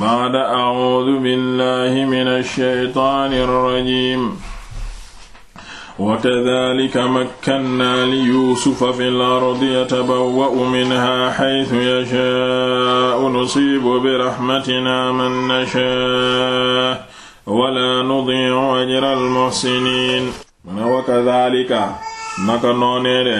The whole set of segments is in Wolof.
baada acuudu billahi min alsheytaani alrajim wakadalika makkannaa liyuusufa fi lardi yatabawwa'u minha xaytu yashaa'u nusiibu biraxmatina man nashaa wala nudiicu ajra almuxsiniin mu ne wakadalika naka noonee de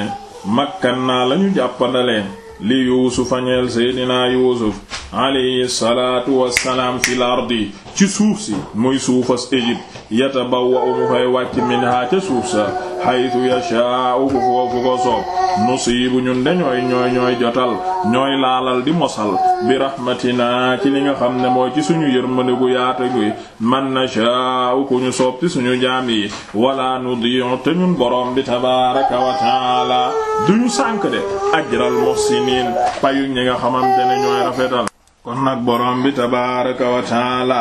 makkannaa lañu jàppandalee li yuusufa ñeel seydinaa yuusuf alayhi salaatu wassalaam fil ardi ci suuf si muy suufas Égypte yatabawwa'u mu fay wàcc minha ca suuf sa haythu yashaa'u fu foofu ko soob nusiibu ñun de ñooy ñooy ñooy jotal ñooy laalal di mosal bi rahmatina ci li nga xam ne mooy ci suñu yërmande gu yaata gi man nashaa'u ku ñu soob ci suñu jaam yi wala nudii'u te ñun borom bi tabaaraka wa ta'aala duñu sànk de ajral muhsiniin payu ñi nga xamante ne ñooy rafetal kon nag borom bi tabaaraka wa taala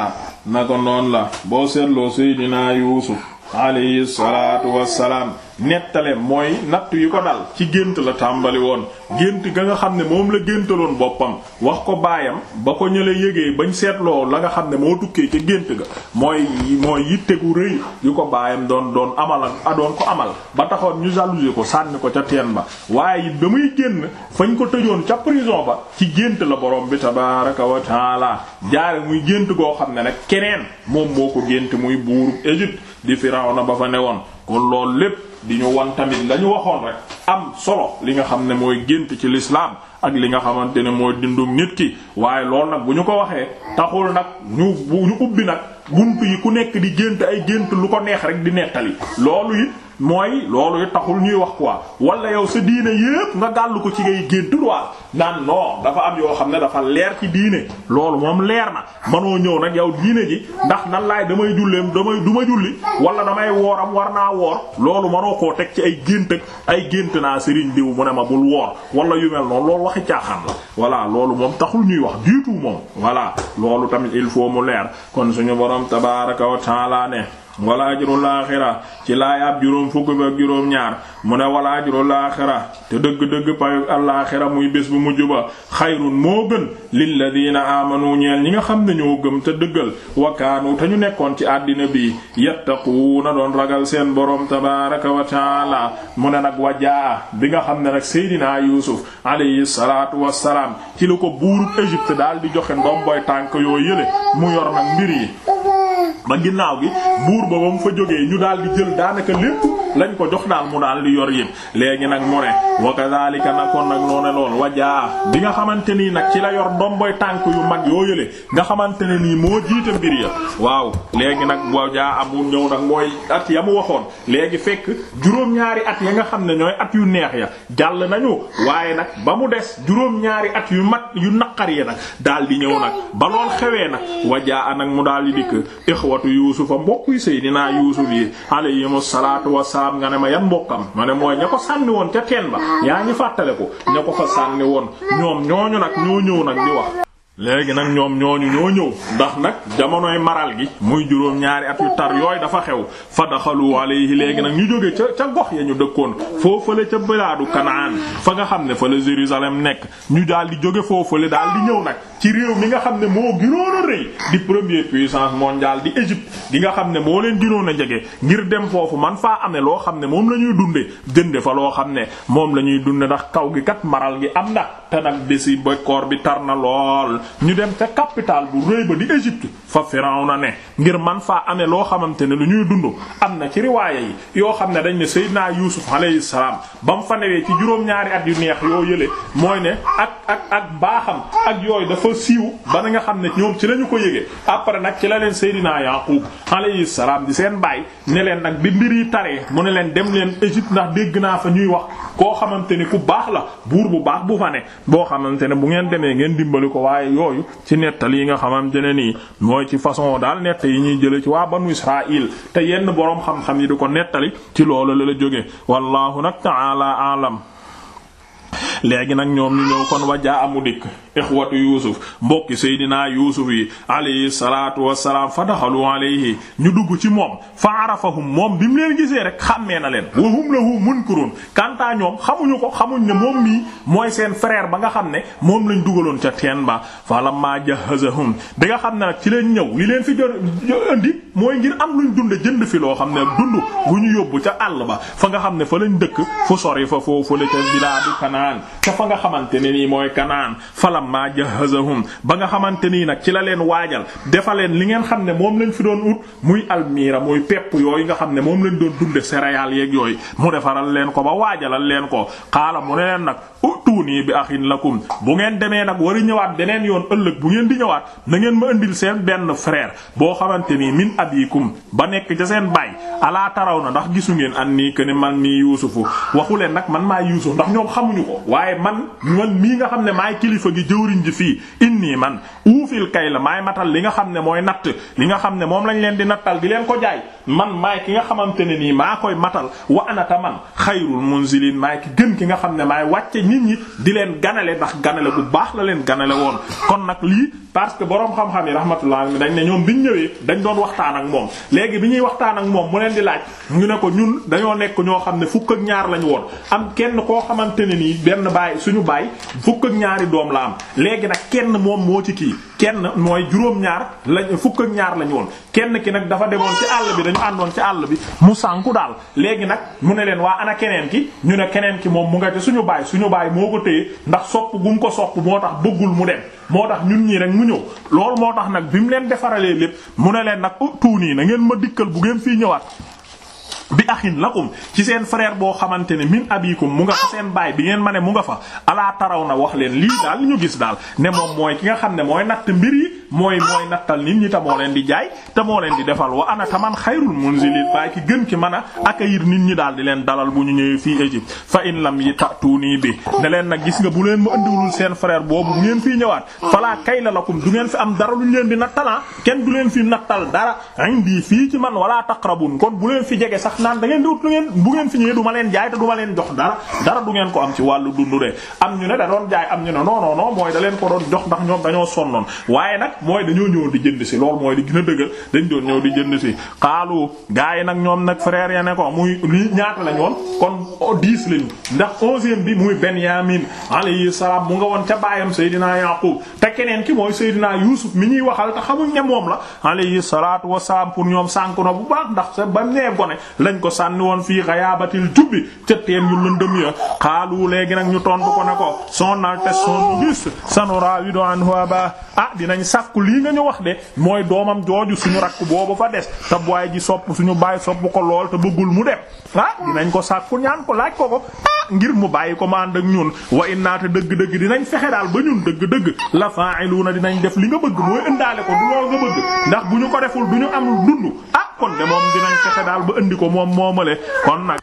nako noon la boo seetloo seydinaa yuusuf alayhi salaatu wassalaam nettaleem mooy natt yi ko dal ci gént la tàmbali woon gént ga nga xam ne moom la géntaloon boppam wax ko baayam ba ko ñële yégee bañ seetloo la nga xam ne moo tukkee ca gént ga mooy mooy yitte gu rëy yu ko baayam doon doon amal a doon ko amal ba taxoon ñu jalouse ko sànni ko ca teen ba waaye it ba muy génn fañ ko tëjoon ca prison ba ci gént la borom bi tabaraka wa taala jaare muy gént goo xam ne nag keneen moom moo ko gént muy buurub Égypte di Firawna ba fa newoon kon loolu lépp di ñu wan tamit la ñu waxoon rek am solo li nga xam ne mooy gént ci lislaam ak li nga xamante ne mooy dindug nit ki waaye loolu nag bu ñu ko waxee taxul nag ñu bu ubbi nag bunt yi ku nekk di gént ay gént lu ko neex rek di nettali loolu it mooy loolu taxul ñuy wax quoi wala yow sa diine yépp nga gàll ko ci ngay géntu waa naan non dafa am yoo xam ne dafa leer ci diine loolu moom leer na manoo ñëw nag yow diine ji ndax nan laay damay julleem damay du ma julli wala damay wooram war naa woor loolu manoo koo teg ci ay gént ak ay gént naa sëriñ diw mu ne ma bul woor wala yu mel noonu loolu waxi caaxaan la voilà loolu moom taxul ñuy wax du moom voilà loolu tamit il faut mu leer kon suñu borom tabaaraka wa taala ne wala ajrul aaxira ci laay ab juróom fukk ba juróom ñaar mu ne wala ajrul aaxira te dëgg-dëgg payu alaaxira muy bés bu mujj ba xayrun moo gën lilladiina aamanu ñeel ñi nga xam ne ñoo gëm te dëggal wakaanu te ñu nekkoon ci àddina bi na doon ragal seen boroom tabaaraka wa taala mu ne nag wajaa bi nga xam ne nag seydinaa yuusuf alayhi salaatu wassalaam ci la ko buurub Égypte daal di joxe ndomboy tànk yooyu yële mu yor nag mbir yi ba ginnaaw gi buur ba moom fa jógee ñu daal di jël daanaka lépp lañ ko jox daal mu daal di yor yépp léegi nag mu ne wa kadhalika nag oo nag noo ne lool wajaa bi nga xamante nii nag ci la yor ndomboy tànk yu mag yoo yële nga xamante ne nii moo jiite mbir ya waaw léegi nag wajaa amul ñëw nag mooy at ya mu waxoon léegi fekk juróom-ñaari at ya nga xam ne ñooy at yu neex ya jàll nañu waaye nag ba mu des juróom-ñaari at yu mat yu naqar yi nag daal di ñëw nag ba lool xewee nag wajaa nag mu daal di dikk ixwatu yuusufa mbokk salaam nga ne ma yan mbokkam ma ne mooy ña ko sànni woon ca teen ba yaa ngi fàttale ko ña ko fa sànni woon ñoom ñooñu nag ñoo ñëw nag di wax léegi nag ñoom ñooñu ñoo ñëw ndax nag jamonoy maral gi muy juróom ñaari at yu tar yooyu dafa xew fa daxalu alayhi léegi nag ñu jóge ca ca gox ya ñu dëkkoon foofale ca bëlaadu kanaan fa nga xam ne fa la Jérusalem nekk ñu daal jóge foofale daal di ñëw nag ci réew mi nga xam ne moo gënoon a rëy di première puissance mondiale di Égypte gi nga xam ne moo leen gënoon a jege ngir dem foofu man faa amee loo xam ne moom la ñuy dunde jënde fa loo xam ne moom la ñuy dunde ndax kaw gi kat maral gi am na te nag bési ba bi tar na lool ñu dem ca capitale bu rëy ba di Égypte fa Firawna ne ngir man faa amee loo xamante ne lu ñuy dund am na ci riwaaya yi yoo xam ne dañ ne Seydina Yuusuf alayhi salaam ba mu fa newee ci juróom-ñaari at yu neex yoo yële mooy ne ak ak ak baaxam ak yooyu dafa siiw ba nga xam ne ñoom ci lañu ko yëgee après nag ci la leen Seydina Yaaqub alayhi salaam di seen baay ne leen nag bi mbir yi taree mu ne leen dem leen Égypte ndax dégg naa fa ñuy wax koo xamante ne ku baax la buur bu baax bu fa ne boo xamante ne bu ngeen demee ngeen dimbali ko waaye yooyu mooy ci façon daal nett yi ñuy jële ci waa banu Israil te yenn boroom xam-xam yi du ko nettali ci loolu la la jóge wallahu nag ta'ala a'lam léegi nag ñoom ñu ñëw kon wajaa amu dikk ixwatu yuusuf mbokki seydinaa yuusuf yi alayhi salaatu wassalaam fa daxalu alayhi ñu dugg ci moom fa arafahum bi mu gisee rek xàmmee na leen wa hum lahu xamuñu ko xamuñ ne mooy seen frère ba nga xam ne moom lañ dugaloon ca teen ba fa lamma jahazahum bi nga xam ne nag ci leen ñëw li leen fi jot indi mooy ngir am luñ dunde jënd fi loo xam ne dund bu ñu yóbbu ca àll ba fa nga xam ne fa lañ dëkk fu sori fa foofu la ca bilaadu kanaan ca fa nga xamante ne nii mooy kanaan falam maa jahazahum ba nga xamante nii nag ci la leen waajal defa leen li ngeen xam ne moom lañ fi doon ut muy almira muy pepp yooyu nga xam ne moom lañ doon dunde céréales yeeg yooyu mu defaral leen ko ba waajalal leen ko xaala mu ne leen nag nii bi axin lakum bu ngeen demee nag war ñëwaat beneen yoon ëllëg bu ngeen di ñëwaat na ngeen ma indil seen benn frère boo xamante ni min abikum ba nekk ca seen baay alaa taraw na ndax gisu ngeen an nii que ne man nii yuusufu waxu leen nag man maa yuusuf ndax ñoom xamuñu waaye man man mii nga xam ne maay kilifa gi jëwriñ ji fii inni man uufil kay la maay matal li nga xam ne mooy natt li nga xam ne moom lañ leen di nattal di leen ko jaay man maay ki nga xamante ne nii maa koy matal wa anata man xayrul munzilin maay ki gën ki nga xam ne maay wàcce nit ñi di leen ganale ndax ganale bu baax la leen ganale woon kon nag lii parce que borom xam-xam yi rahmatullah dañ ne ñoom bi ñu ñëwee dañ doon waxtaan ak moom léegi bi ñuy waxtaan ak moom mu leen di laaj ñu ne ko ñun dañoo nekk ñoo xam ne fukk ak ñaar lañu woon am kenn koo xamante ne nii benn baay suñu baay fukk ñaari doom la léegi nag kenn moom moo ci kenn mooy juróom lañ fukk ñaar lañ woon kenn ki nag dafa demoon ci àll bi dañu àndoon ci àll bi mu sànku daal léegi nag mu ne leen waa ana keneen ki ñu ne keneen ki moom mu nga ci suñu baay suñu baay moo ko téye ndax sopp gu mu ko sopp moo tax bëggul mu dem moo tax ñun ñii rek mu ñëw loolu moo tax nag bi mu leen defaralee lépp mu ne leen nag tuuni na ngeen ma dikkal bu ngeen fii ñëwaat bi axin lakum ci seen frère boo xamante ne min abikum mu nga fa seen baay bi ngeen ma ne mu nga fa alaa taraw na wax leen lii daal ñu gis daal ne moom mooy ki nga xam ne mooy natt mbir yi mooy mooy nattal nit ñi te moo leen di jaay te moo leen di defal wa ana taman xayrul munzilin baay ki gën ki mën a accueillir nit ñi daal di leen dalal bu ñu ñëwee fii Égypte fa in lam yi tatuunii bi ne leen nag gis nga bu leen ma andiwulul seen frère boobu ngeen fii ñëwaat falaa kay la lakum du ngeen fi am dara luñ leen di nattalan ah. kenn du leen fi nattal dara indi fii ci man wala taqrabun kon bu leen fi jege sax naan da ngeen di bu ngeen fi ñëwee du leen jaay te du ma leen jox dara dara du ngeen ko am ci wàllu dundu de am ñu ne da doon jaay am ñu ne non non non mooy da leen ko doon jox ndax ñoom dañoo sonnoon waaye nag mooy dañoo ñëw di jënd si loolu mooy li gën a dañ doon ñëw di jënd si xaalu gars yi nag ñoom nag frère ya ne ko muy li ñaata la ñoon kon oh, dix lañu ndax onzième bi muy Benyamin alayhi salaam mu nga woon ca baayam Seydina Yaqub te keneen ki mooy Seydina Yuusuf mi ñuy waxal te xamuñ ne moom la alayhi salaatu wasalaam pour ñoom sànk bu baax ndax se ba nee gone lañ ko sànni woon fii xayaabatil jubbi ca teen yu lëndëm ya xaalu léegi nag ñu tontu ko ne ko ah dinañ sàkku lii nga ñu wax de mooy doomam jooju suñu rakk boobu fa des te booy ji sopp suñu baay sopp ko lool te bëggul mu dem a ah, dinañ ko sàkku ñaan ko laaj ko ko ah, ngir mu bàyyi ko ma ak ñun wa innaata dëgg-dëgg dinañ fexe daal ba ñun dëgg-dëgg la na dinañ def li nga bëgg mooy ëndaale ko du lool nga bëgg ndax bu ñu ko deful du ñu amul dund ah kon de moom dinañ fexe daal ba indi ko moom moomale kon nag.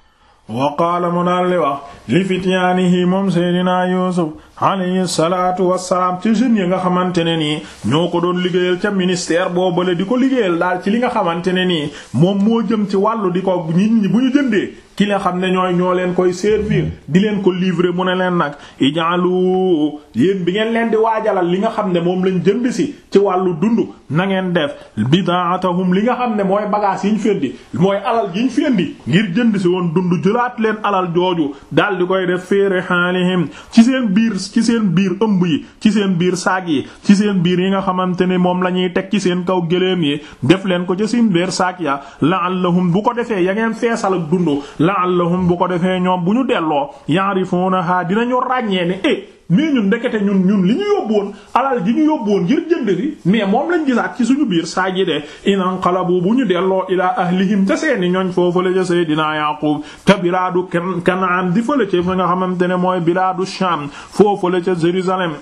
wa qaala mu daal wax li fityaanihi moom Seydina Yuusuf alayhi salaatu wassalaam ci jeunes yi nga xamante ne nii ñoo ko doon liggéeyal ca ministère boobale di ko liggéeyal daal ci li nga xamante ne nii moom moo jëm ci wàllu di ko nit ñi bu ñu jëndee ki nga xam ne ñooy ñoo leen koy servir di leen ko livrer mu ne leen nag ijaalu yéen bi ngeen leen di waajalal li nga xam ne moom lañ jënd si ci wàllu dund na ngeen def bidaatahum li nga xam ne mooy bagage yi ñu fendi mooy alal yi ñu fendi ngir jënd si woon dund jëlaat leen alal jooju daal di koy def féere xaalihim ci seen biir ci seen biir ëmb yi ci seen biir saag yi ci seen biir yi nga xamante ne moom la ñuy teg ci seen kaw gëléem yi def leen ko ca seen biir saag ya la'allahum bu ko defee ya ngeen feesal ak dund la'allahum bu ko defee ñoom bu ñu delloo ya'rifunaha dinañu ràññee ne eh mais ñun ndekete ñun ñun li ñu yóbbuwoon alal ji ñu yóbbuwoon ngir jënd li mais moom lañ gisaat ci suñu biir saa ji de in anqalabu bu ñu delloo ilaa ahlihim ca seeni ñoñ foofu la ca Seydina Yaqub te bilaadu Kanaan di fële ca fa nga xamante ne mooy bilaadu Sham foofu la ca Jérusalem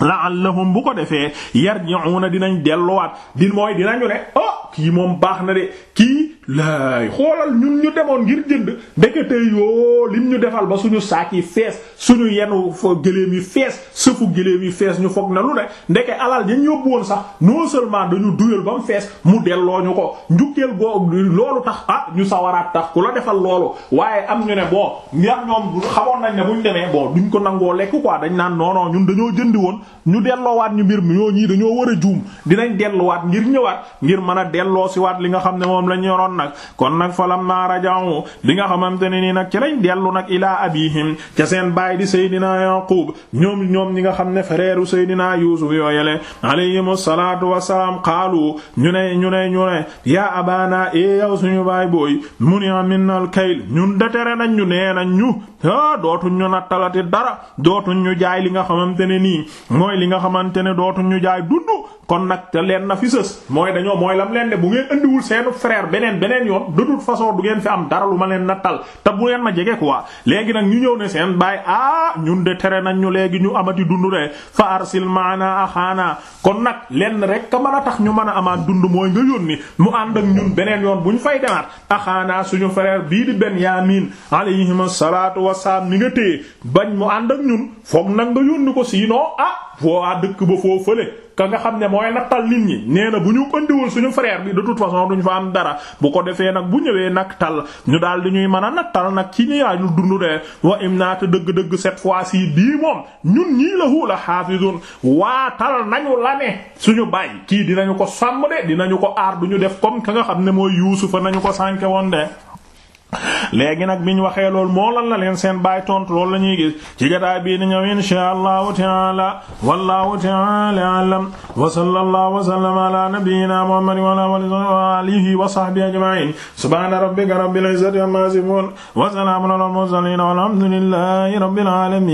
la'allahum bu ko defee yarji'una dinañ delloowaat di mooy dinañu ne oh, kii moom baax na de kii laay xoolal ñun ñu demoon ngir jënd ndekete yoo lim ñu defal ba suñu saak yi fees suñu yenu fa gëléem yi fees sëfu gëléem yi fees ñu foog ne lu ne ndeke alal dañ yóbbu woon sax non seulement dañu duyal ba mu fees mu delloo ñu ko njukkeel googu loolu tax ah ñu sawaraat tax ku la defal loolu waaye am ñu ne bon ñaar ñoom xamoon nañ ne buñ demee boo duñ ko nangoo lekk quoi dañ naan noonoo non ñun dañoo jënd woon ñu delloowaat ñu mbir mi ñoo ñii dañoo war a juum dinañ delluwaat ngir ñëwaat ngir mën a de delloo si waat li nga xam ne moom lañ yoroon nag kon nag falamma raja'u li nga xamante ne nii nag ci lañ dellu nag ilaa abihim ca seen baay di Seydina Yaqub ñoom ñoom ñi nga xam ne frère Seydina Yuusuf yooyele alayhimu salaatu wassalaam qaalu ñu ne ñu ne ñu ne yaa abaana e yow suñu baay booy muni'a minnal kayl ñun detere nañ ñu nee nañ ñu ah dootuñ ñu nattalati dara dootuñ ñu jaay li nga xamante ne nii mooy li nga xamante ne dootuñ ñu jaay dudd kon nag te leen na fi sës mooy dañoo mooy lam leen ne bu ngeen indiwul seenu frère beneen beneen yoon de façon du ngeen fi am dara lu ma leen nattal te bu ngeen ma jege quoi léegi nag ñu ñëw ne seen baay ah ñun de tere nañ ñu léegi ñu amati dund de fa arsil maana axaana kon nag lenn rek ka mën a tax ñu mën a amaat dund mooy nga yónni mu ànd ak ñun beneen yoon bu ñu fay demaat axaana suñu frère bii di Benyamin alayhi salaatu wasalaam ni nga téye bañ mu ànd ak ñun foog nag nga yónni ko sinon ah waa dëkk ba foo fële ka nga xam ne mooy nattal nit ñi nee na bu ñu ëndiwul suñu frère bi de toute façon duñ fa am dara bu ko defee nag bu ñëwee nag tal ñu daal di ñuy mën a nattal nag ci ñi ñu dund de wa im naata dëgg-dëgg cette fois ci bii moom ñun ñii la hu la xaafidun waatal nañu la ne suñu bàyyi kii dinañu ko sàmm de dinañu ko aar duñu def comme ka nga xam ne mooy léegi nag bi ñu waxee lool moo lan la leen seen baay tontu loolu la ñuy gis ci jotaay bii di ñëw inshaa allahu taala wallahu taala alam wa sallallahu wa sallama ala nabiyyina muhammadin wa alihi wa sahbihi ajma'in subhana rabbika rabbil izzati amma yasifun wa salamun ala al mursalin walhamdulillahi rabbil alamin